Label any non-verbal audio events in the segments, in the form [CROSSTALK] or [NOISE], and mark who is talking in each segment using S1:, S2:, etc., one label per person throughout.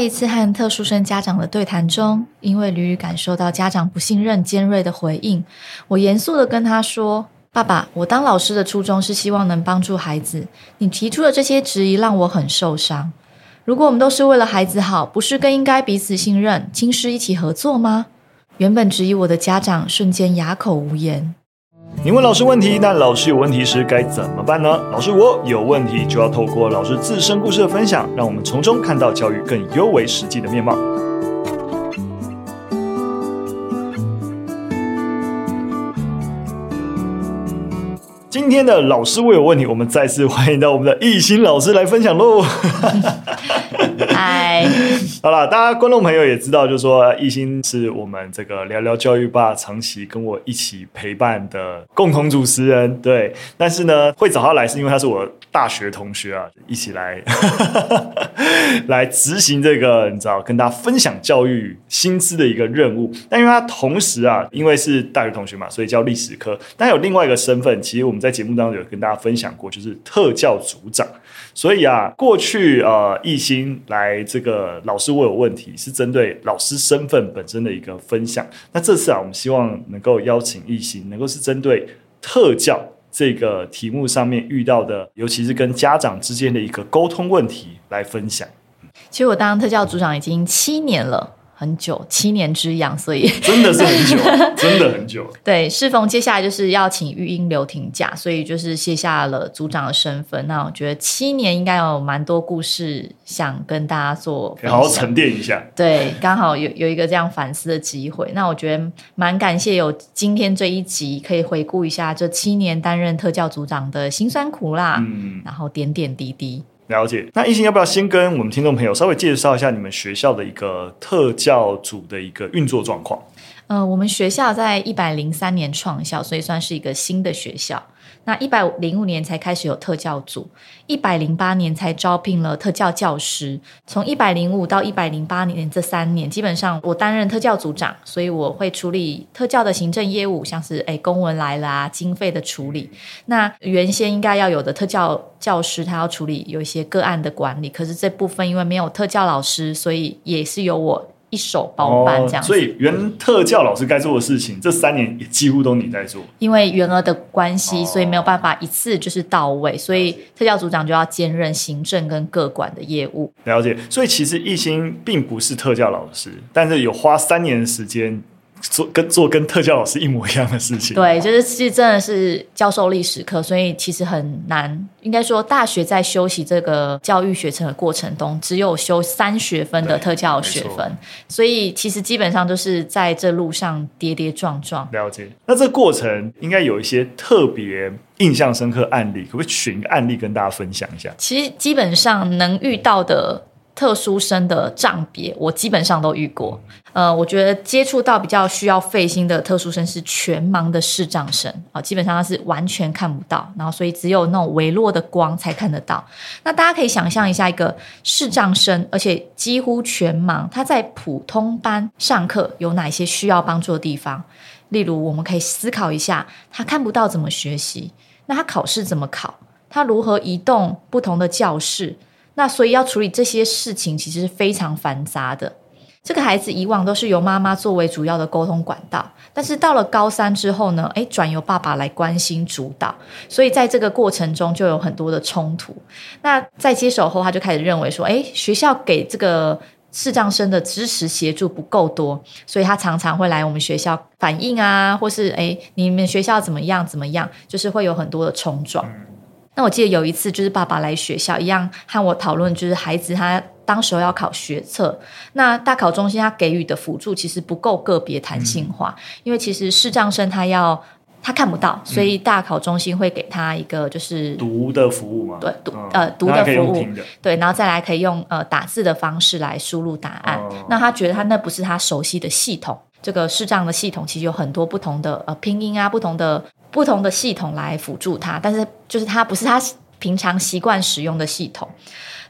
S1: 在一次和特殊生家長的對談中，因為屢屢感受到家長不信任、尖銳的回應，我嚴肅地跟他說：“爸爸，我當老師的初衷是希望能幫助孩子。你提出的這些質疑讓我很受傷。如果我們都是為了孩子好，不是更應該彼此信任、親師一起合作嗎？”原本質疑我的家長瞬間啞口無言。
S2: 你問老師問題，那老師有問題時該怎麼辦呢？老師，我有問題就要透過老師自身故事的分享，讓我們從中看到教育更幽微實際的面貌。今天的老師我有問題，我們再次歡迎到我們的懿心老師來分享嘍。嗨 [LAUGHS] Hi，好啦，大家觀眾朋友也知道，就是說懿心是我們這個聊聊教育吧長期跟我一起陪伴的共同主持人，對。但是呢，會找他來是因為他是我。大學同學啊，一起來 [LAUGHS] 來執行這個，你知道，跟大家分享教育薪資的一個任務。但因為他同時啊，因為是大學同學嘛，所以叫歷史科。但還有另外一個身份，其實我們在節目當中有跟大家分享過，就是特教組長。所以啊，過去呃，懿心來這個老師我，有問題，是針對老師身份本身的一個分享。那這次啊，我們希望能夠邀請懿心，能夠是針對特教。這個題目上面遇到的，尤其是跟家長之間的一個溝通問題來分享。
S1: 其實我當特教組長已經七年了。很久，七年之癢，所以真的是很久， [LAUGHS] 真的很久。對，適逢接下來就是要請育嬰留停假，所以就是卸下了組長的身份。那我覺得七年應該有蠻多故事想跟大家做，好好沉澱一下。對，剛好有有一個這樣反思的機會。那我覺得蠻感謝有今天這一集，可以回顧一下這七年擔任特教組長的辛酸苦辣，嗯、然後點點滴滴。
S2: 了解，那懿心要不要先跟我們聽眾朋友稍微介紹一下你們學校的一個特教組的一個運作狀況？
S1: 嗯，我們學校在一百零三年創校，所以算是一個新的學校。那一百零五年才開始有特教組，一百零八年才招聘了特教教師。從一百零五到一百零八年這三年，基本上我擔任特教組長，所以我會處理特教的行政業務，像是，哎，公文來了啊，經費的處理。那原先應該要有的特教教師，他要處理有一些個案的管理，可是這部分因為沒有特教老師，所以也是由我。一手包辦、哦、這樣，所以
S2: 原特教老師該做的事情，嗯、這三年也幾乎都你在做。
S1: 因為員額的關係，哦、所以沒有辦法一次就是到位，所以特教組長就要兼任行政跟各管的業務。
S2: 了解？所以其實懿心並不是特教老師，但是有花三年的時間。做跟做跟特教老師一模一樣的事情，對，就
S1: 是其實真的是教授歷史課，所以其實很難。應該說，大學在修習這個教育學程的過程中，只有修三學分的特教學分，所以其實基本上就是在這路上跌跌撞撞。
S2: 了解。那這個過程應該有一些特別印象深刻案例，可不可以選一個案例跟大家分享一下？
S1: 其實基本上能遇到的。特殊生的障別，我基本上都遇過。呃，我覺得接觸到比較需要費心的特殊生是全盲的視障生啊，呃，基本上他是完全看不到，然後所以只有那種微弱的光才看得到。那大家可以想象一下，一個視障生，而且幾乎全盲，他在普通班上課有哪些需要幫助的地方？例如，我們可以思考一下，他看不到怎麼學習？那他考試怎麼考？他如何移動不同的教室？那所以要處理這些事情，其實是非常繁雜的。這個孩子以往都是由媽媽作為主要的溝通管道，但是到了高三之後呢，誒、欸，轉由爸爸來關心主導。所以在這個過程中，就有很多的衝突。那在接手後，他就開始認為說，誒、欸，學校給這個視障生的支持協助不夠多，所以他常常會來我們學校反映啊，或是誒、欸，你們學校怎麼樣怎麼樣，就是會有很多的衝撞。那我記得有一次，就是爸爸來學校一樣和我討論，就是孩子他當時候要考學測，那大考中心他給予的輔助其實不夠個別彈性化，嗯、因為其實視障生他要他看不到，嗯、所以大考中心會給他一個就是
S2: 讀的服務嘛，對，讀、哦、呃讀的服務，
S1: 對，然後再來可以用呃打字的方式來輸入答案。哦、那他覺得他那不是他熟悉的系統。這個視障的系統其實有很多不同的呃拼音啊，不同的不同的系統來輔助他，但是就是他不是他平常習慣使用的系統，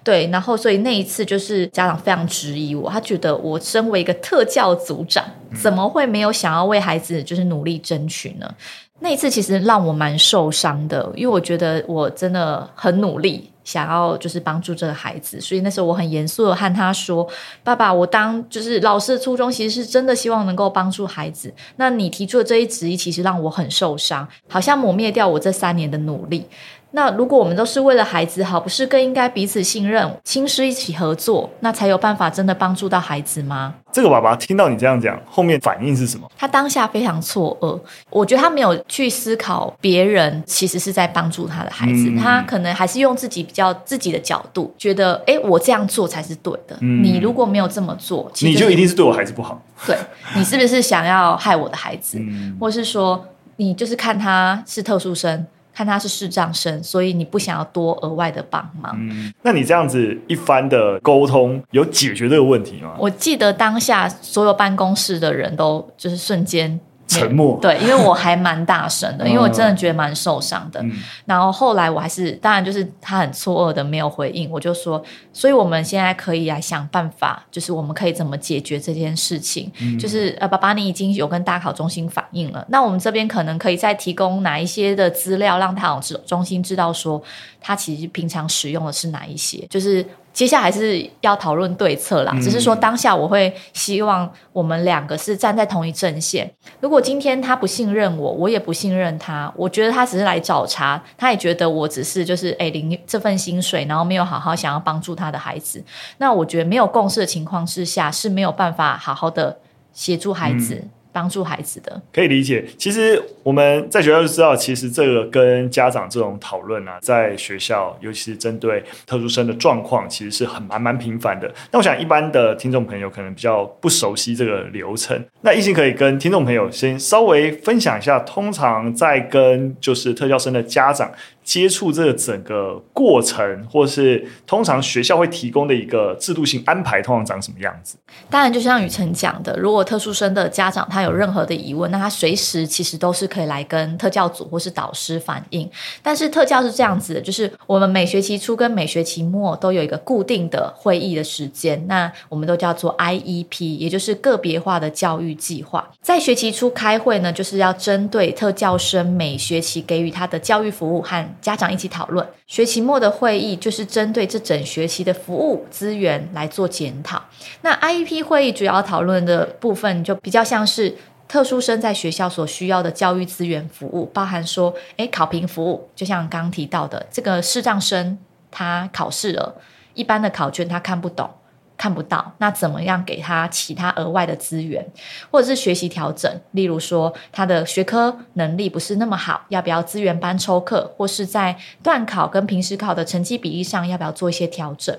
S1: 對，然後所以那一次就是家長非常質疑我，他覺得我身為一個特教組長，怎麼會沒有想要為孩子就是努力爭取呢？那一次其實讓我蠻受傷的，因為我覺得我真的很努力。想要就是幫助這個孩子，所以那時候我很嚴肅的和他說：“爸爸，我當就是老師的初衷，其實是真的希望能夠幫助孩子。那你提出的這一質疑，其實讓我很受傷，好像抹滅掉我這三年的努力。”那如果我們都是為了孩子好，不是更應該彼此信任、親師一起合作，那才有辦法真的幫助到孩子嗎？
S2: 這個爸爸聽到你這樣講，後面反應是什麼？
S1: 他當下非常錯愕。我覺得他沒有去思考別人其實是在幫助他的孩子，嗯、他可能還是用自己比較自己的角度，覺得，誒，我這樣做才是對的。嗯、你如果沒有這麼做，你就一定是對我孩子不好。對，你是不是想要害我的孩子，嗯、或是說你就是看他是特殊生？看他是視障生，所以你不想要多額外的幫忙。
S2: 嗯，那你這樣子一番的溝通，有解決這個問題嗎？我
S1: 記得當下所有辦公室的人都就是瞬間。沉默。Yeah, 對，因為我還蠻大聲的， [LAUGHS] 因為我真的覺得蠻受傷的。哦嗯、然後後來我還是，當然就是他很錯愕的沒有回應。我就說，所以我們現在可以來想辦法，就是我們可以怎麼解決這件事情。嗯、就是呃，爸爸，你已經有跟大考中心反映了，那我們這邊可能可以再提供哪一些的資料，讓大考中心知道說，他其實平常使用的是哪一些，就是。接下來是要討論對策啦，嗯，只是說，當下我會希望我們兩個是站在同一陣線。如果今天他不信任我，我也不信任他。我覺得他只是來找茬，他也覺得我只是就是誒領，欸、這份薪水，然後沒有好好想要幫助他的孩子。那我覺得沒有共識的情況之下是沒有辦法好好的協助孩子。嗯。幫助孩子的
S2: 可以理解，其實我們在學校就知道，其實這個跟家長這種討論啊，在學校尤其是針對特殊生的狀況，其實是很蠻蠻頻繁的。那我想，一般的聽眾朋友可能比較不熟悉這個流程。那懿心可以跟聽眾朋友先稍微分享一下，通常在跟就是特教生的家長。接觸這個整個過程，或是通常學校會提供的一個制度性安排，通常長什麼樣子？
S1: 當然，就像宇辰講的，如果特殊生的家長他有任何的疑問，那他隨時其實都是可以來跟特教組或是導師反映。但是特教是這樣子的，就是我們每學期初跟每學期末都有一個固定的會議的時間，那我們都叫做 IEP，也就是個別化的教育計劃。在學期初開會呢，就是要針對特教生每學期給予他的教育服務和家長一起討論，學期末的會議就是針對這整學期的服務資源來做檢討。那 IEP 會議主要討論的部分就比較像是特殊生在學校所需要的教育資源服務，包含說，哎，考評服務，就像剛剛提到的，這個視障生他考試了，一般的考卷他看不懂。看不到，那怎麼樣給他其他額外的資源，或者是學習調整？例如說，他的學科能力不是那麼好，要不要資源班抽課，或是在段考跟平時考的成績比例上要不要做一些調整？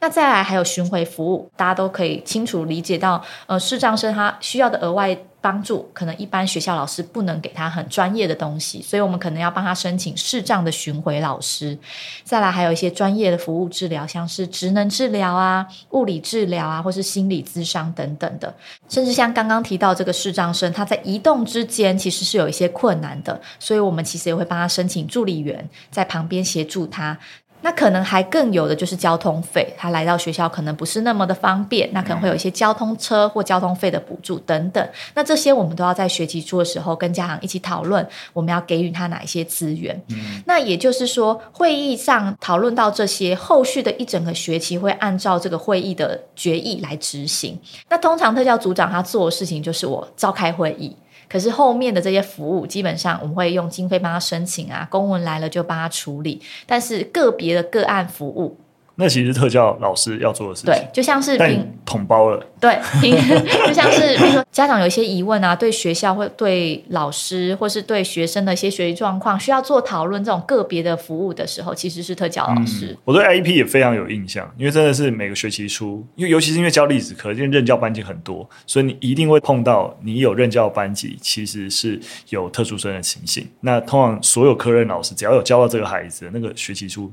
S1: 那再來還有巡回服務，大家都可以清楚理解到，呃，視障生他需要的額外。幫助可能一般學校老師不能給他很專業的東西，所以我們可能要幫他申請視障的巡回老師。再來還有一些專業的服務治療，像是職能治療啊、物理治療啊，或是心理諮商等等的。甚至像剛剛提到這個視障生，他在移動之間其實是有一些困難的，所以我們其實也會幫他申請助理員，在旁邊協助他。那可能還更有的就是交通費，他來到學校可能不是那麼的方便，那可能會有一些交通車或交通費的補助等等。那這些我們都要在學期初的時候跟家長一起討論，我們要給予他哪一些資源。那也就是說，會議上討論到這些，後續的一整個學期會按照這個會議的決議來執行。那通常特教組長他做的事情就是我召開會議。可是後面的這些服務，基本上我們會用經費幫他申請啊，公文來了就幫他處理，但是個別的個案服務。
S2: 那其實特教老師要做的事情，對，就像是並統包了，
S1: 對， [LAUGHS] 就像是比如說家長有一些疑問啊，對學校或對老師或是對學生的一些學習狀況需要做討論，這種個別的服務的時候，其實是特教老師。嗯，
S2: 我對 I E P 也非常有印象，因為真的是每個學期初，因為尤其是因為教歷史科，因為任教班級很多，所以你一定會碰到你有任教班級，其實是有特殊生的情形。那通常所有科任老師只要有教到這個孩子，那個學期初。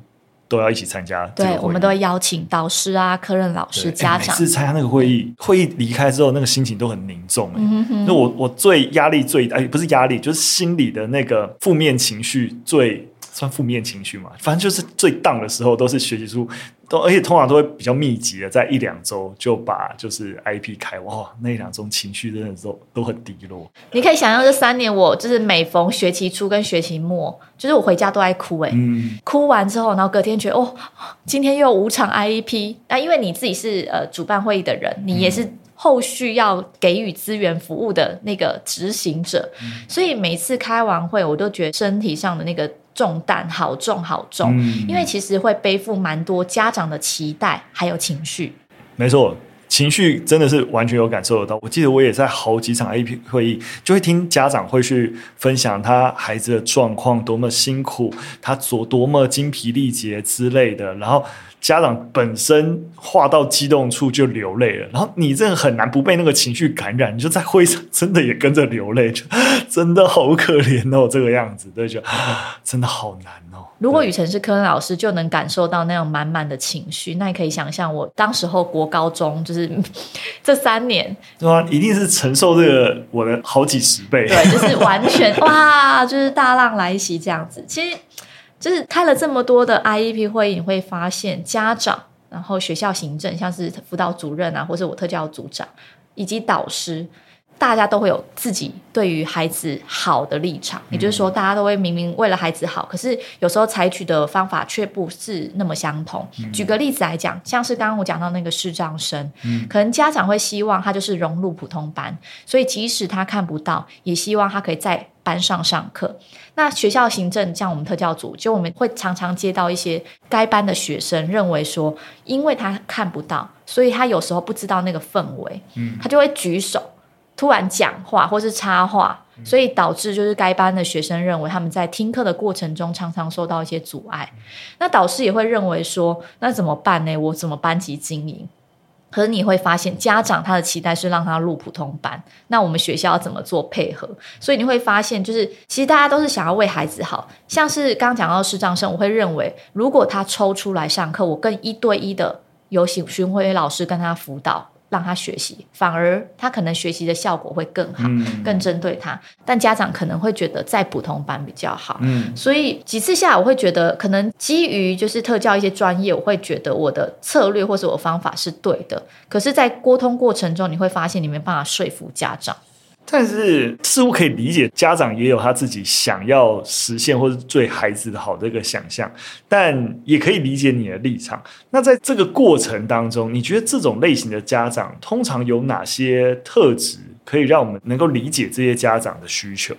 S2: 都要一起參加對，我們
S1: 都會邀請導師啊、科任老師、對家長。欸、每次參加
S2: 那個會議，對會議離開之後，那個心情都很凝重、欸。哼、mm，hmm. 那我我最壓力最大、欸，不是壓力，就是心裡的那個負面情緒最算負面情緒嘛，反正就是最蕩的時候，都是學習出。都而且，通常都會比較密集的，在一兩周就把就是 IEP 開，哇，那一兩周情緒真的都都很低落。
S1: 你可以想象，這三年我就是每逢學期初跟學期末，就是我回家都愛哭哎，嗯、哭完之後，然後隔天覺得哦，今天又有五場 IEP 啊，因為你自己是呃主辦會議的人，你也是後續要給予資源服務的那個執行者，嗯、所以每次開完會，我都覺得身體上的那個。重擔好重好重，嗯、因為其實會背負蠻多家長的期待，還有情緒。
S2: 沒錯，情緒真的是完全有感受得到。我記得我也在好幾場 IEP 會議，就會聽家長會去分享他孩子的狀況多麼辛苦，他做多麼精疲力竭之類的，然後。家長本身話到激動處就流淚了，然後你這個很難不被那個情緒感染，你就在會場真的也跟着流淚，就真的好可憐哦，這個樣子對，就、啊、真的好難
S1: 哦。如果宇辰是科任老師，對就能感受到那種滿滿的情緒，那你可以想象我當時候國高中就是這三年，
S2: 啊，一定是承受這個我的好幾十倍，嗯、對，就是
S1: 完全 [LAUGHS] 哇，就是大浪來襲這樣子。其實。就是開了這麼多的 IEP 會議，你會發現家長，然後學校行政，像是輔導主任啊，或者我特教組長，以及導師，大家都會有自己對於孩子好的立場。也就是說，大家都會明明為了孩子好，可是有時候採取的方法卻不是那麼相同。舉個例子來講，像是剛剛我講到那個視障生，可能家長會希望他就是融入普通班，所以即使他看不到，也希望他可以在班上上課，那學校行政像我們特教組，就我們會常常接到一些該班的學生認為說，因為他看不到，所以他有時候不知道那個氛圍，嗯，他就會舉手，突然講話或是插話，所以導致就是該班的學生認為他們在聽課的過程中常常受到一些阻礙。那導師也會認為說，那怎麼辦呢？我怎麼班級經營？可是你會發現，家長他的期待是讓他入普通班，那我們學校要怎麼做配合？所以你會發現，就是其實大家都是想要為孩子好，像是剛剛講到視障生，我會認為如果他抽出來上課，我更一對一的有請巡回老師跟他輔導。讓他學習，反而他可能學習的效果會更好，嗯、更針對他。但家長可能會覺得在普通班比較好，嗯、所以幾次下來我會覺得，可能基於就是特教一些專業，我會覺得我的策略或者我方法是對的。可是，在溝通過程中，你會發現你沒辦法說服家長。
S2: 但是似乎可以理解，家長也有他自己想要實現或是對孩子的好的一個想象，但也可以理解你的立場。那在這個過程當中，你覺得這種類型的家長通常有哪些特質，可以讓我們能夠理解這些家長的需求？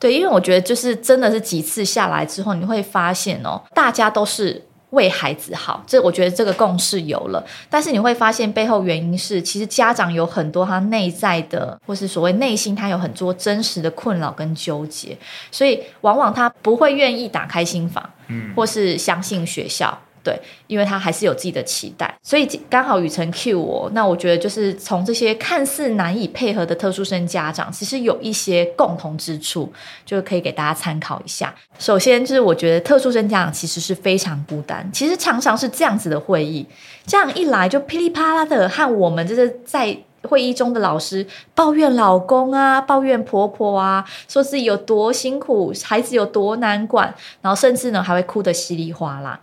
S1: 對，因為我覺得就是真的是幾次下來之後，你會發現哦，大家都是。為孩子好，這我覺得這個共識有了。但是你會發現背後原因是，其實家長有很多他內在的，或是所謂內心，他有很多真實的困擾跟糾結，所以往往他不會願意打開心房，或是相信學校。對，因為他還是有自己的期待，所以剛好宇辰 cue 我，那我覺得就是從這些看似難以配合的特殊生家長，其實有一些共同之處，就可以給大家參考一下。首先就是我覺得特殊生家長其實是非常孤單，其實常常是這樣子的會議，這樣一來就噼里啪啦的和我們就是在。會議中的老師抱怨老公啊，抱怨婆婆啊，說自己有多辛苦，孩子有多難管，然後甚至呢還會哭得稀里嘩啦。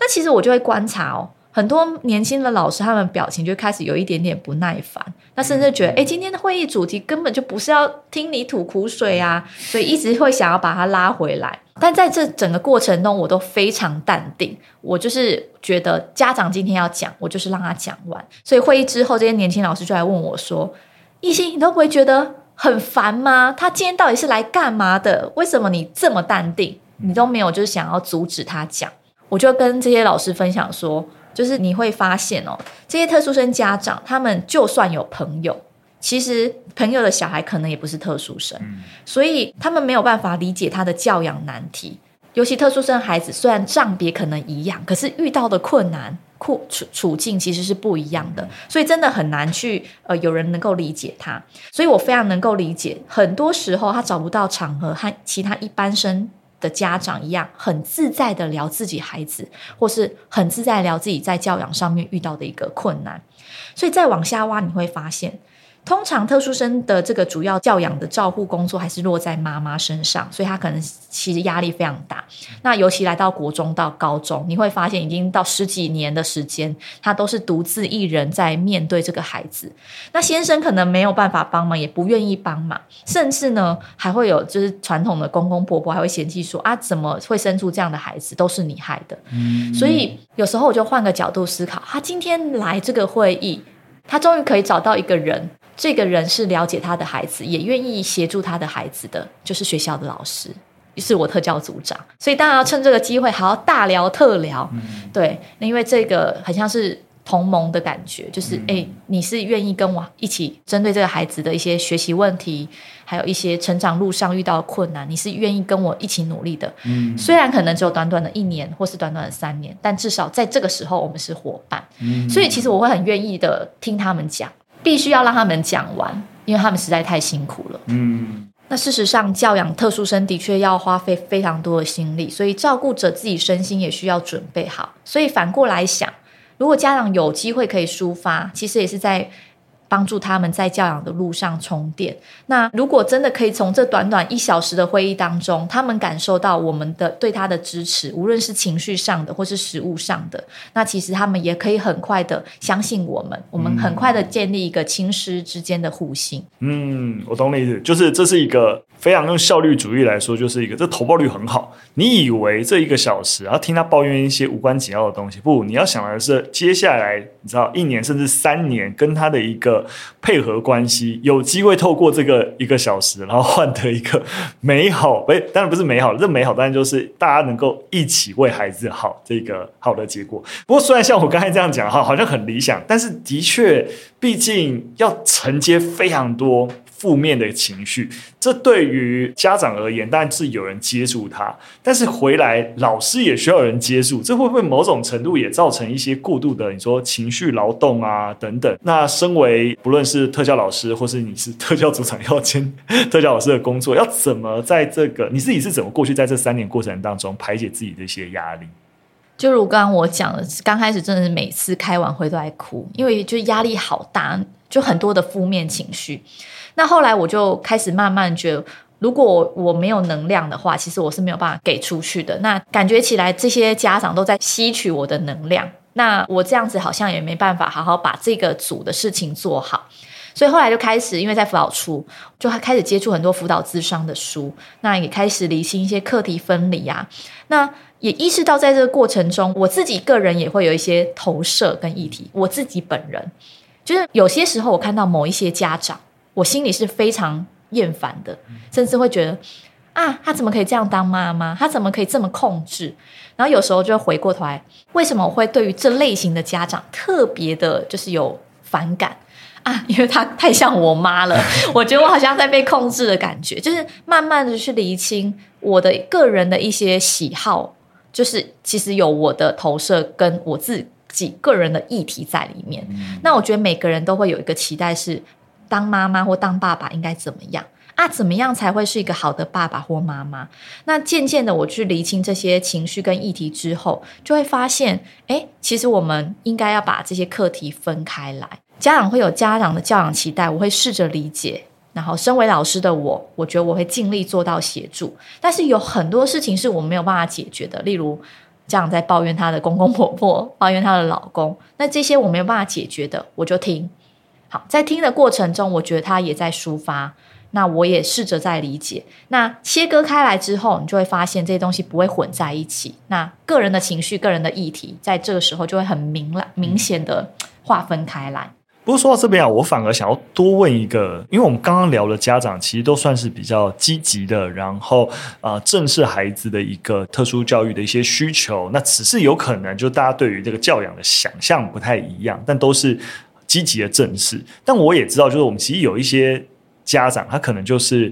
S1: 那其實我就會觀察哦，很多年輕的老師，他們表情就開始有一點點不耐煩，那甚至覺得，哎，今天的會議主題根本就不是要聽你吐苦水啊，所以一直會想要把他拉回來。但在這整個過程中，我都非常淡定。我就是覺得家長今天要講，我就是讓他講完。所以會議之後，這些年輕老師就來問我說：“懿心、嗯，你都不會覺得很煩嗎？他今天到底是來幹嘛的？為什麼你這麼淡定？你都沒有就是想要阻止他講？”我就跟這些老師分享說：“就是你會發現哦，這些特殊生家長，他們就算有朋友。”其實朋友的小孩可能也不是特殊生，所以他們沒有辦法理解他的教養難題。尤其特殊生孩子，雖然障別可能一樣，可是遇到的困難、處處境其實是不一樣的，所以真的很難去呃有人能夠理解他。所以我非常能夠理解，很多時候他找不到場合，和其他一般生的家長一樣，很自在的聊自己孩子，或是很自在聊自己在教養上面遇到的一個困難。所以再往下挖，你會發現。通常特殊生的這個主要教養的照顧工作還是落在媽媽身上，所以他可能其實壓力非常大。那尤其來到國中到高中，你會發現已經到十幾年的時間，他都是獨自一人在面對這個孩子。那先生可能沒有辦法幫忙，也不願意幫忙，甚至呢還會有就是傳統的公公婆婆還會嫌棄說啊，怎麼會生出這樣的孩子，都是你害的。所以有時候我就換個角度思考，他、啊、今天來這個會議，他終於可以找到一個人，這個人是了解他的孩子，也願意協助他的孩子的，就是學校的老師，是我特教組長。所以，當然要趁這個機會，還要大聊特聊。嗯，對，那因為這個很像是同盟的感覺，就是誒，你是願意跟我一起針對這個孩子的一些學習問題，還有一些成長路上遇到的困難，你是願意跟我一起努力的。嗯，雖然可能只有短短的一年，或是短短的三年，但至少在這個時候，我們是夥伴。所以其實我會很願意的聽他們講。必須要讓他們講完，因為他們實在太辛苦
S2: 了。
S1: 嗯，那事實上教養特殊生的確要花費非常多的心力，所以照顧者自己身心也需要準備好。所以反過來想，如果家長有機會可以抒發，其實也是在。幫助他們在教養的路上充電。那如果真的可以從這短短一小時的會議當中，他們感受到我們的對他的支持，無論是情緒上的或是實務上的，那其實他們也可以很快的相信我們，我們很快的建立一個親師之間的互信。
S2: 嗯，我懂你意思，就是這是一個。非常用效率主義來說，就是一個這投報率很好。你以為這一個小時，然後聽他抱怨一些無關緊要的東西？不，你要想的是接下來，你知道一年甚至三年跟他的一個配合關係，有機會透過這個一個小時，然後換得一個美好。誒，當然不是美好，這美好當然就是大家能夠一起為孩子好這個好的結果。不過，雖然像我剛才這樣講哈，好像很理想，但是的確，畢竟要承接非常多，負面的情緒，這對於家長而言，但是有人接住他；但是回來，老師也需要有人接住，這會不會某種程度也造成一些過度的，你說情緒勞動啊等等？那身為不論是特教老師，或是你是特教組長要，要兼特教老師的工作，要怎麼在這個你自己是怎麼過去在這三年過程當中排解自己的一些壓力？
S1: 就如剛剛我講的，剛開始真的是每次開完會都在哭，因為就壓力好大，就很多的負面情緒。那後來我就開始慢慢覺得，如果我沒有能量的話，其實我是沒有辦法給出去的。那感覺起來，這些家長都在吸取我的能量。那我這樣子好像也沒辦法好好把這個組的事情做好。所以後來就開始，因為在輔導處就開始接觸很多輔導諮商的書。那也開始理清一些課題分離啊。那也意識到，在這個過程中，我自己個人也會有一些投射跟議題。我自己本人，就是有些時候我看到某一些家長。我心裡是非常厭煩的，甚至會覺得啊，他怎麼可以這樣當媽媽？他怎麼可以這麼控制？然後有時候就會回過頭來，為什麼我會對於這類型的家長特別的，就是有反感啊？因為他太像我媽了，我覺得我好像在被控制的感覺。 [LAUGHS] 就是慢慢的去釐清我的個人的一些喜好，就是其實有我的投射跟我自己個人的議題在裡面。嗯。那我覺得每個人都會有一個期待是。當媽媽或當爸爸應該怎麼樣啊？怎麼樣才會是一個好的爸爸或媽媽？那漸漸的，我去理清這些情緒跟議題之後，就會發現，哎、欸，其實我們應該要把這些課題分開來。家長會有家長的教養期待，我會試着理解。然後，身為老師的我，我覺得我會盡力做到協助。但是有很多事情是我沒有辦法解決的，例如家長在抱怨他的公公婆婆，抱怨他的老公，那這些我沒有辦法解決的，我就聽。好，在聽的過程中，我覺得他也在抒發，那我也試着在理解。那切割開來之後，你就會發現這些東西不會混在一起。那個人的情緒、個人的議題，在這個時候就會很明明顯的劃分開來，嗯。
S2: 不過說到這邊啊，我反而想要多問一個，因為我們剛剛聊的家長其實都算是比較積極的，然後啊、呃，正視孩子的一個特殊教育的一些需求。那只是有可能，就大家對於這個教養的想象不太一樣，但都是。積極的正視，但我也知道，就是我們其實有一些家長，他可能就是，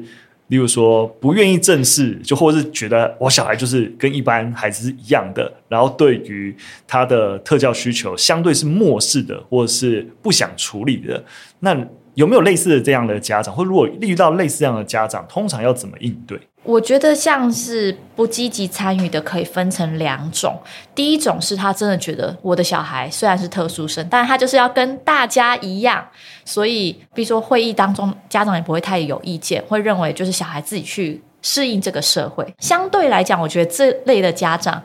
S2: 例如說不願意正視，就或是覺得我小孩就是跟一般孩子是一樣的，然後對於他的特教需求，相對是漠視的，或者是不想處理的，那。有沒有類似的這樣的家長，或如果遇到類似這樣的家長，通常要怎麼應對？
S1: 我覺得像是不積極參與的，可以分成兩種。第一種是他真的覺得我的小孩雖然是特殊生，但他就是要跟大家一樣，所以比如說會議當中，家長也不會太有意見，會認為就是小孩自己去適應這個社會。相對來講，我覺得這類的家長，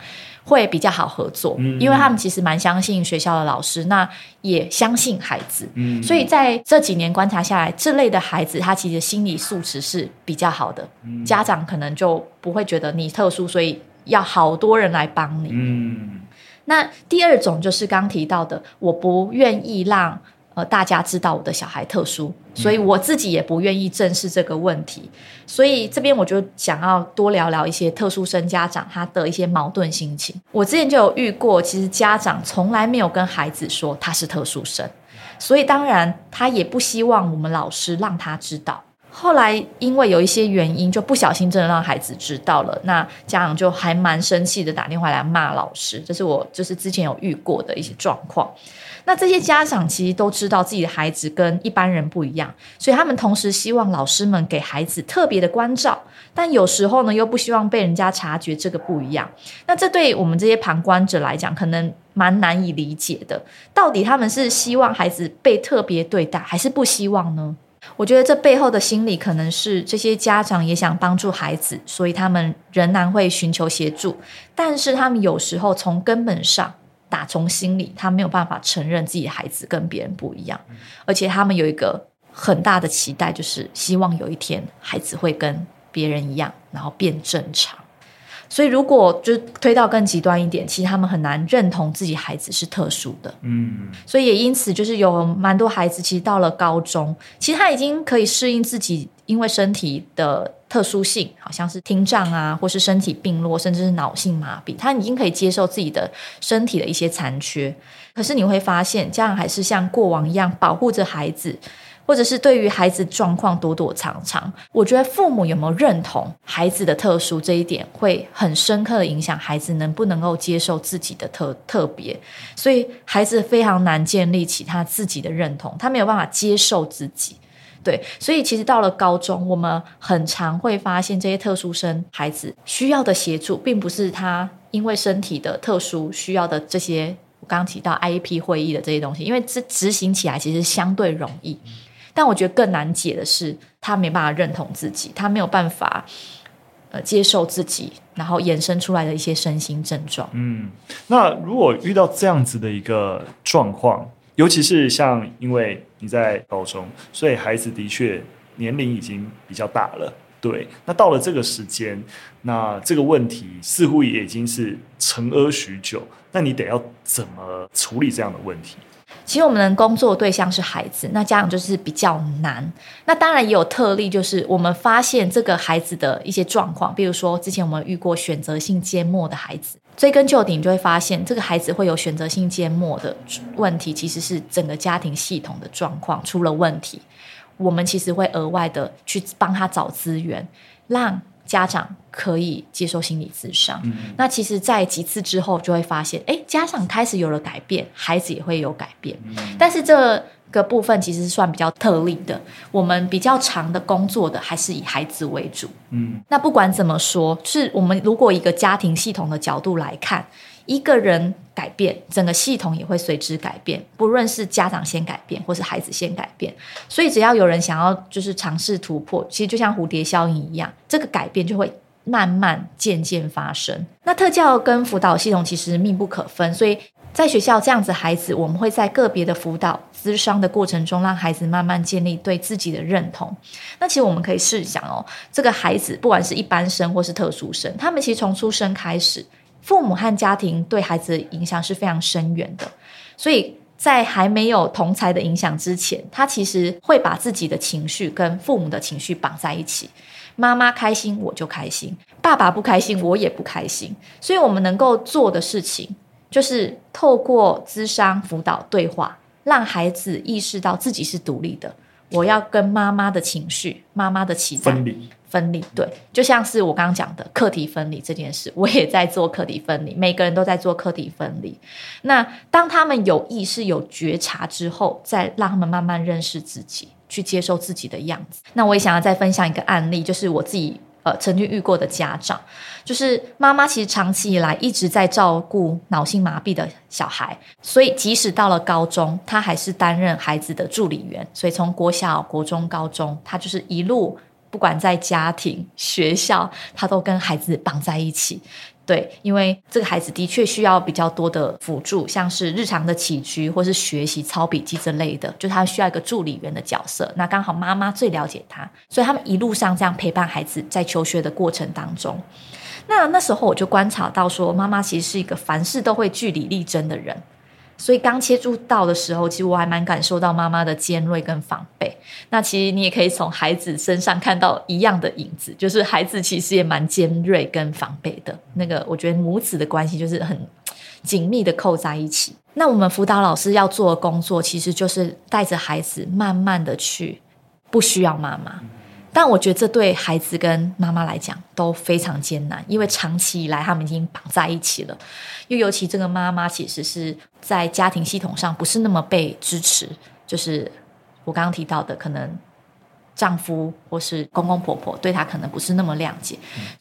S1: 會比較好合作，因為他們其實蠻相信學校的老師，那也相信孩子，所以在這幾年觀察下來，這類的孩子他其實心理素質是比較好的，家長可能就不會覺得你特殊，所以要好多人來幫你。嗯，那第二種就是剛剛提到的，我不願意讓。呃，大家知道我的小孩特殊，所以我自己也不願意正視這個問題。嗯。所以這邊我就想要多聊聊一些特殊生家長他的一些矛盾心情。我之前就有遇過，其實家長從來沒有跟孩子說他是特殊生，所以當然他也不希望我們老師讓他知道。後來因為有一些原因，就不小心真的讓孩子知道了，那家長就還蠻生氣的打電話來罵老師。這是我就是之前有遇過的一些狀況。那這些家長其實都知道自己的孩子跟一般人不一樣，所以他們同時希望老師們給孩子特別的關照，但有時候呢又不希望被人家察覺這個不一樣。那這對我們這些旁觀者來講，可能蠻難以理解的。到底他們是希望孩子被特別對待，還是不希望呢？我覺得這背後的心理可能是這些家長也想幫助孩子，所以他們仍然會尋求協助，但是他們有時候從根本上。打從心裡，他沒有辦法承認自己孩子跟別人不一樣，而且他們有一個很大的期待，就是希望有一天孩子會跟別人一樣，然後變正常。所以如果就是推到更極端一點，其實他們很難認同自己孩子是特殊的。嗯，所以也因此就是有蠻多孩子，其實到了高中，其實他已經可以適應自己。因為身體的特殊性，好像是聽障啊，或是身體病弱，甚至是腦性麻痹，他已經可以接受自己的身體的一些殘缺。可是你會發現，家長還是像過往一樣保護着孩子，或者是對於孩子狀況躲躲藏藏。我覺得父母有沒有認同孩子的特殊這一點，會很深刻的影響孩子能不能夠接受自己的特特別。所以孩子非常難建立起他自己的認同，他沒有辦法接受自己。對，所以其實到了高中，我們很常會發現這些特殊生孩子需要的協助，並不是他因為身體的特殊需要的這些我剛剛提到 IEP 會議的這些東西，因為這執行起來其實相對容易。但我覺得更難解的是，他沒辦法認同自己，他沒有辦法、呃、接受自己，然後延伸出來的一些身心症狀。
S2: 嗯，那如果遇到這樣子的一個狀況，尤其是像因為。你在高中，所以孩子的確年齡已經比較大了，對。那到了這個時間，那這個問題似乎也已經是沉痾許久，那你得要怎麼處理這樣的問題？
S1: 其實我們能工作的對象是孩子，那家長就是比較難。那當然也有特例，就是我們發現這個孩子的一些狀況，比如說之前我們遇過選擇性緘默的孩子。追根究底，你就會發現這個孩子會有選擇性緘默的問題，其實是整個家庭系統的狀況出了問題。我們其實會額外的去幫他找資源，讓家長可以接受心理諮商。嗯、哼那其實，在幾次之後，就會發現，誒，家長開始有了改變，孩子也會有改變。嗯、哼但是這個部分其實算比較特例的，我們比較長的工作的還是以孩子為主。嗯，那不管怎麼說，是我們如果一個家庭系統的角度來看，一個人。改變整個系統也會隨之改變，不論是家長先改變，或是孩子先改變。所以只要有人想要，就是嘗試突破，其實就像蝴蝶效應一樣，這個改變就會慢慢、漸漸發生。那特教跟輔導系統其實密不可分，所以在學校這樣子，孩子我們會在個別的輔導諮商的過程中，讓孩子慢慢建立對自己的認同。那其實我們可以試想哦，這個孩子不管是一般生或是特殊生，他們其實從出生開始。父母和家庭對孩子的影響是非常深遠的，所以在還沒有同儕的影響之前，他其實會把自己的情緒跟父母的情緒綁在一起。媽媽開心我就開心，爸爸不開心我也不開心。所以，我們能夠做的事情就是透過諮商輔導對話，讓孩子意識到自己是獨立的。我要跟媽媽的情緒、媽媽的期待分離。分離，對，就像是我剛剛講的課題分離這件事，我也在做課題分離，每個人都在做課題分離。那當他們有意識、有覺察之後，再讓他們慢慢認識自己，去接受自己的樣子。那我也想要再分享一個案例，就是我自己呃曾經遇過的家長，就是媽媽其實長期以來一直在照顧腦性麻痹的小孩，所以即使到了高中，她還是擔任孩子的助理員。所以從國小、國中、高中，她就是一路。不管在家庭、學校，他都跟孩子綁在一起，對，因為這個孩子的確需要比較多的輔助，像是日常的起居或是學習、抄筆記之類的，就他需要一個助理員的角色。那剛好媽媽最了解他，所以他們一路上這樣陪伴孩子在求學的過程當中。那那時候我就觀察到說，說媽媽其實是一個凡事都會據理力爭的人。所以剛接觸到的時候，其實我還蠻感受到媽媽的尖銳跟防備。那其實你也可以從孩子身上看到一樣的影子，就是孩子其實也蠻尖銳跟防備的。那個我覺得母子的關係就是很緊密的扣在一起。那我們輔導老師要做的工作，其實就是帶着孩子慢慢的去，不需要媽媽。但我覺得這對孩子跟媽媽來講都非常艱難，因為長期以來他們已經綁在一起了。又尤其這個媽媽其實是。在家庭系統上不是那麼被支持，就是我剛剛提到的，可能丈夫或是公公婆婆對她可能不是那麼諒解，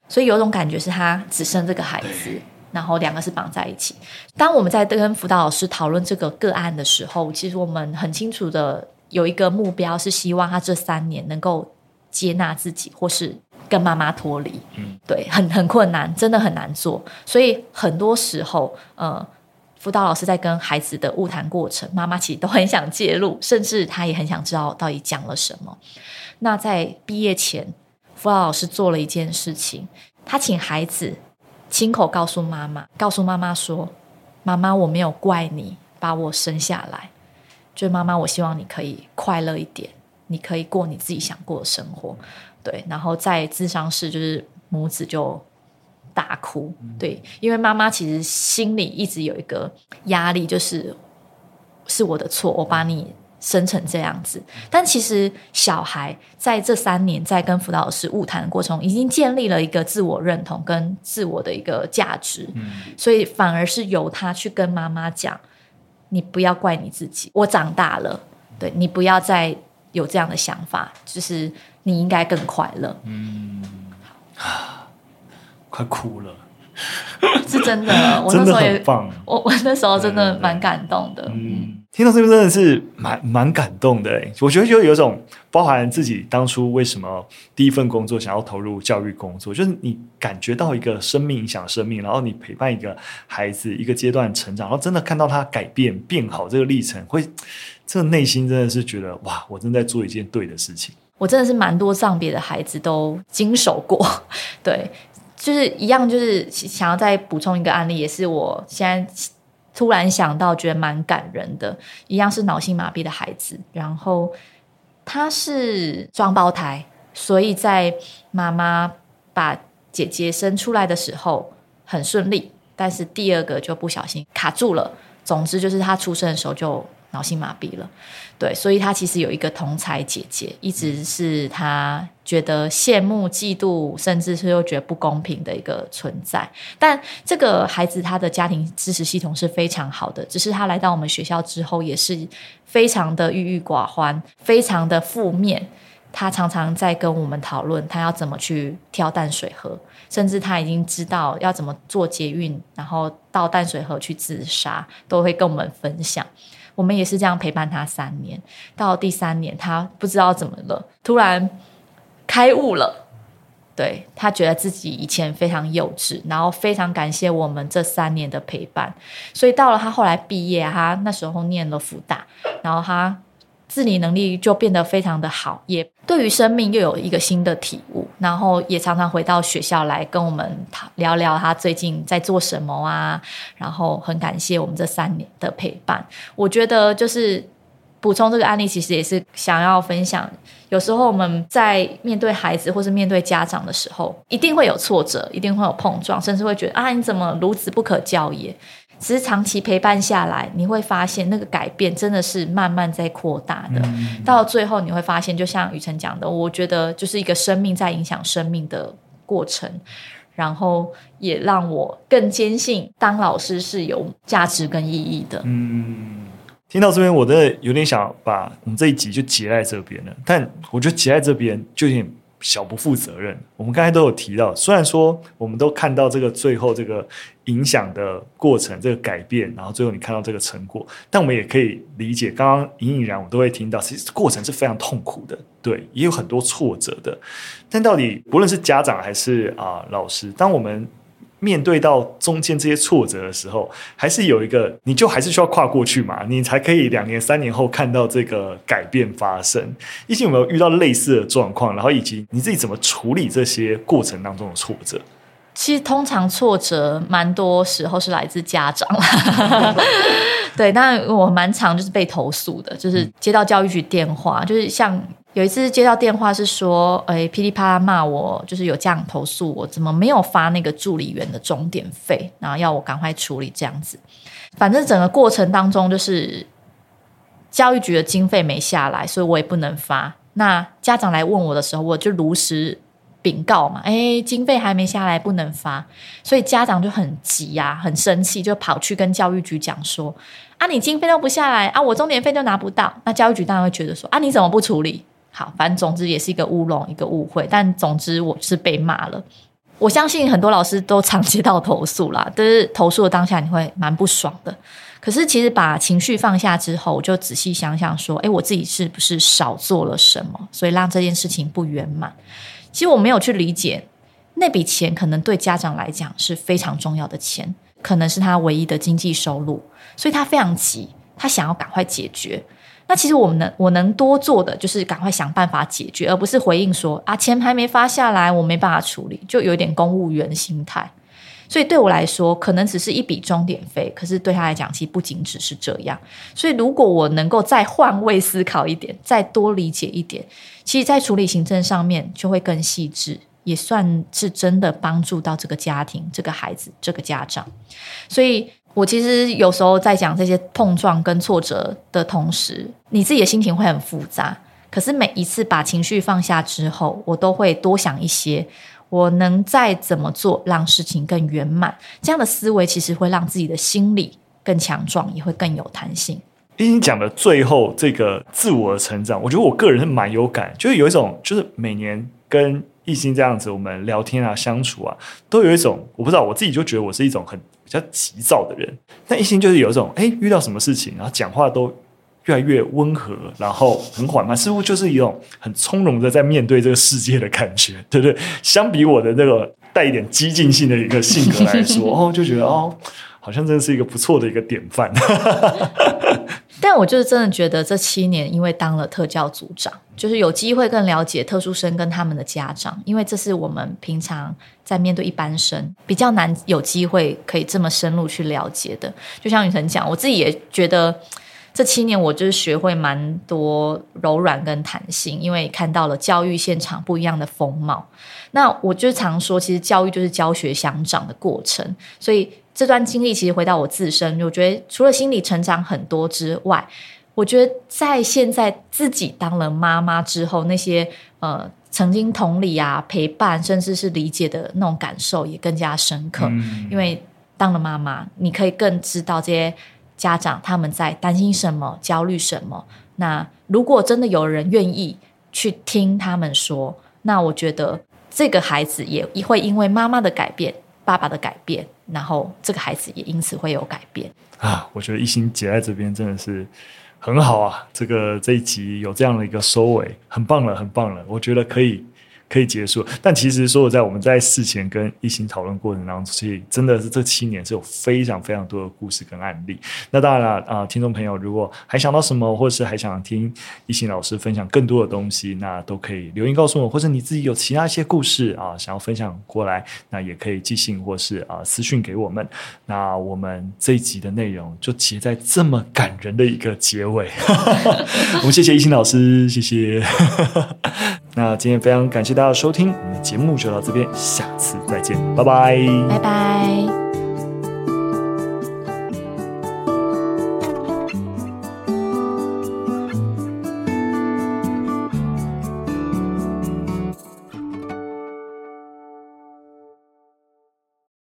S1: 所以有種感覺是她只生這個孩子，對然後兩個是綁在一起。當我們在跟輔導老師討論這個個案的時候，其實我們很清楚的有一個目標，是希望他這三年能夠接納自己，或是跟媽媽脫離。嗯，對，很很困難，真的很難做。所以很多時候，嗯、呃。輔導老師在跟孩子的晤談過程，媽媽其實都很想介入，甚至她也很想知道到底講了什麼。那在畢業前，輔導老師做了一件事情，他請孩子親口告訴媽媽，告訴媽媽說：“媽媽，我沒有怪你把我生下來，就是媽媽，我希望你可以快樂一點，你可以過你自己想過的生活。”對，然後在諮商室就是母子就。大哭，對，因為媽媽其實心裡一直有一個壓力，就是是我的錯，我把你生成這樣子。但其實小孩在這三年在跟輔導師晤談的過程，已經建立了一個自我認同跟自我的一個價值，嗯，所以反而是由他去跟媽媽講，你不要怪你自己，我長大了，對，你不要再有這樣的想法，就是你應該更快樂，嗯，他哭了， [LAUGHS] 是真的。我那時候也，我我那時候真的蠻感動的，對對
S2: 對。嗯，聽到這邊真的是蠻蠻感動的，欸。我覺得就有一種包含自己當初為什麼第一份工作想要投入教育工作，就是你感覺到一個生命影響生命，然後你陪伴一個孩子一個階段成長，然後真的看到他改變變好這個歷程，會這個內心真的是覺得哇，我正在做一件對的事情。
S1: 我真的是蠻多障別的孩子都經手過，對。就是一樣，就是想要再補充一個案例，也是我現在突然想到，覺得蠻感人的。一樣是腦性麻痹的孩子，然後他是雙胞胎，所以在媽媽把姐姐生出來的時候很順利，但是第二個就不小心卡住了。總之就是他出生的時候就。腦性麻痹了，對，所以他其實有一個同才姐姐，一直是他覺得羨慕、嫉妒，甚至是又覺得不公平的一個存在。但這個孩子，他的家庭支持系統是非常好的，只是他來到我們學校之後，也是非常的鬱鬱寡歡，非常的負面。他常常在跟我們討論他要怎麼去跳淡水河，甚至他已經知道要怎麼坐捷運，然後到淡水河去自殺，都會跟我們分享。我們也是這樣陪伴他三年，到第三年他不知道怎麼了，突然開悟了。對，他覺得自己以前非常幼稚，然後非常感謝我們這三年的陪伴。所以到了他後來畢業，他那時候念了福大，然後他自理能力就變得非常的好，也。對於生命又有一個新的體悟，然後也常常回到學校來跟我們聊聊他最近在做什麼啊，然後很感謝我們這三年的陪伴。我覺得就是補充這個案例，其實也是想要分享，有時候我們在面對孩子或是面對家長的時候，一定會有挫折，一定會有碰撞，甚至會覺得啊，你怎麼孺子不可教也。只是長期陪伴下來，你會發現那個改變真的是慢慢在擴大的。嗯嗯嗯、到最後你會發現，就像宇辰講的，我覺得就是一個生命在影響生命的過程，然後也讓我更堅信當老師是有價值跟
S2: 意義的。嗯，聽到這邊我真的有點想把我們這一集就結在這邊了，但我覺得結在這邊就有點。小不負責任。我們剛才都有提到，雖然說我們都看到這個最後這個影響的過程、這個改變，然後最後你看到這個成果，但我們也可以理解，剛剛隱隱然我都會聽到，其實過程是非常痛苦的，對，也有很多挫折的。但到底，不論是家長還是啊、呃、老師，當我們。面對到中間這些挫折的時候，還是有一個，你就還是需要跨過去嘛，你才可以兩年、三年後看到這個改變發生。懿心有沒有遇到類似的狀況？然後以及你自己怎麼處理這些過程當中的挫折？
S1: 其實通常挫折蠻多時候是來自家長，嗯、 [LAUGHS] 對，但我蠻常就是被投訴的，就是接到教育局電話，就是像。有一次接到電話是說，誒噼裡啪啦罵我，就是有家長投訴我怎麼沒有發那個助理員的鐘點費，然後要我趕快處理這樣子。反正整個過程當中，就是教育局的經費沒下來，所以我也不能發。那家長來問我的時候，我就如實稟告嘛，誒、欸，經費還沒下來，不能發。所以家長就很急呀，啊，很生氣，就跑去跟教育局講說，啊，你經費都不下來，啊，我鐘點費都拿不到。那教育局當然會覺得說，啊，你怎麼不處理？好，反正總之也是一個烏龍，一個誤會。但總之我是被罵了。我相信很多老師都常接到投訴啦，但、就是投訴的當下你會蠻不爽的。可是其實把情緒放下之後，我就仔細想想說，誒、欸，我自己是不是少做了什麼，所以讓這件事情不圓滿？其實我沒有去理解那筆錢可能對家長來講是非常重要的錢，可能是他唯一的經濟收入，所以他非常急，他想要趕快解決。那其實我們能，我能多做的就是趕快想辦法解決，而不是回應說啊，錢還沒發下來，我沒辦法處理，就有點公務員心態。所以對我來說，可能只是一筆鐘點費，可是對他來講，其實不僅只是這樣。所以如果我能夠再換位思考一點，再多理解一點，其實，在處理行政上面就會更細緻，也算是真的幫助到這個家庭、這個孩子、這個家長。所以。我其實有時候在講這些碰撞跟挫折的同時，你自己的心情會很複雜。可是每一次把情緒放下之後，我都會多想一些，我能再怎麼做讓事情更圓滿？這樣的思維其實會讓自己的心理更強壯，也會更有彈性。
S2: 懿心講的最後這個自我的成長，我覺得我個人是蠻有感，就是有一種就是每年跟。懿心這樣子，我們聊天啊、相處啊，都有一種我不知道，我自己就覺得我是一種很比較急躁的人。但懿心就是有一種，誒、欸、遇到什麼事情，然後講話都越來越溫和，然後很緩慢，似乎就是一種很從容的在面對這個世界的感覺，對不對？相比我的那個帶一點激進性的一個性格來說， [LAUGHS] 哦，就覺得哦，好像真的是一個不錯的一個典範。 [LAUGHS]
S1: 那我就是真的覺得這七年，因為當了特教組長，就是有機會更了解特殊生跟他們的家長，因為這是我們平常在面對一般生比較難有機會可以這麼深入去了解的。就像宇辰講，我自己也覺得這七年我就是學會蠻多柔軟跟彈性，因為看到了教育現場不一樣的風貌。那我就是常說，其實教育就是教學相長的過程，所以。這段經歷其實回到我自身，我覺得除了心理成長很多之外，我覺得在現在自己當了媽媽之後，那些呃曾經同理啊、陪伴甚至是理解的那種感受也更加深刻。嗯。因為當了媽媽，你可以更知道這些家長他們在擔心什麼、焦慮什麼。那如果真的有人願意去聽他們說，那我覺得這個孩子也會因為媽媽的改變爸爸的改變，然後這個孩子也因此會有改
S2: 變啊！我覺得懿心姐在這邊真的是很好啊，這個這一集有這樣的一個收尾，很棒了，很棒了，我覺得可以。可以結束，但其實說我，在我們在事前跟懿心討論過程當中，所以真的是這七年是有非常非常多的故事跟案例。那當然了啊，呃、聽眾朋友如果還想到什麼，或者是還想聽懿心老師分享更多的東西，那都可以留言告訴我，或者你自己有其他一些故事啊、呃，想要分享過來，那也可以寄信或是啊、呃、私訊給我們。那我們這一集的內容就結在這麼感人的一個結尾。 [LAUGHS] 我們謝謝懿心老師，謝謝。 [LAUGHS] 那今天非常感謝。大家的收聽，我們的節目就到這邊，下次再見，拜拜，拜拜。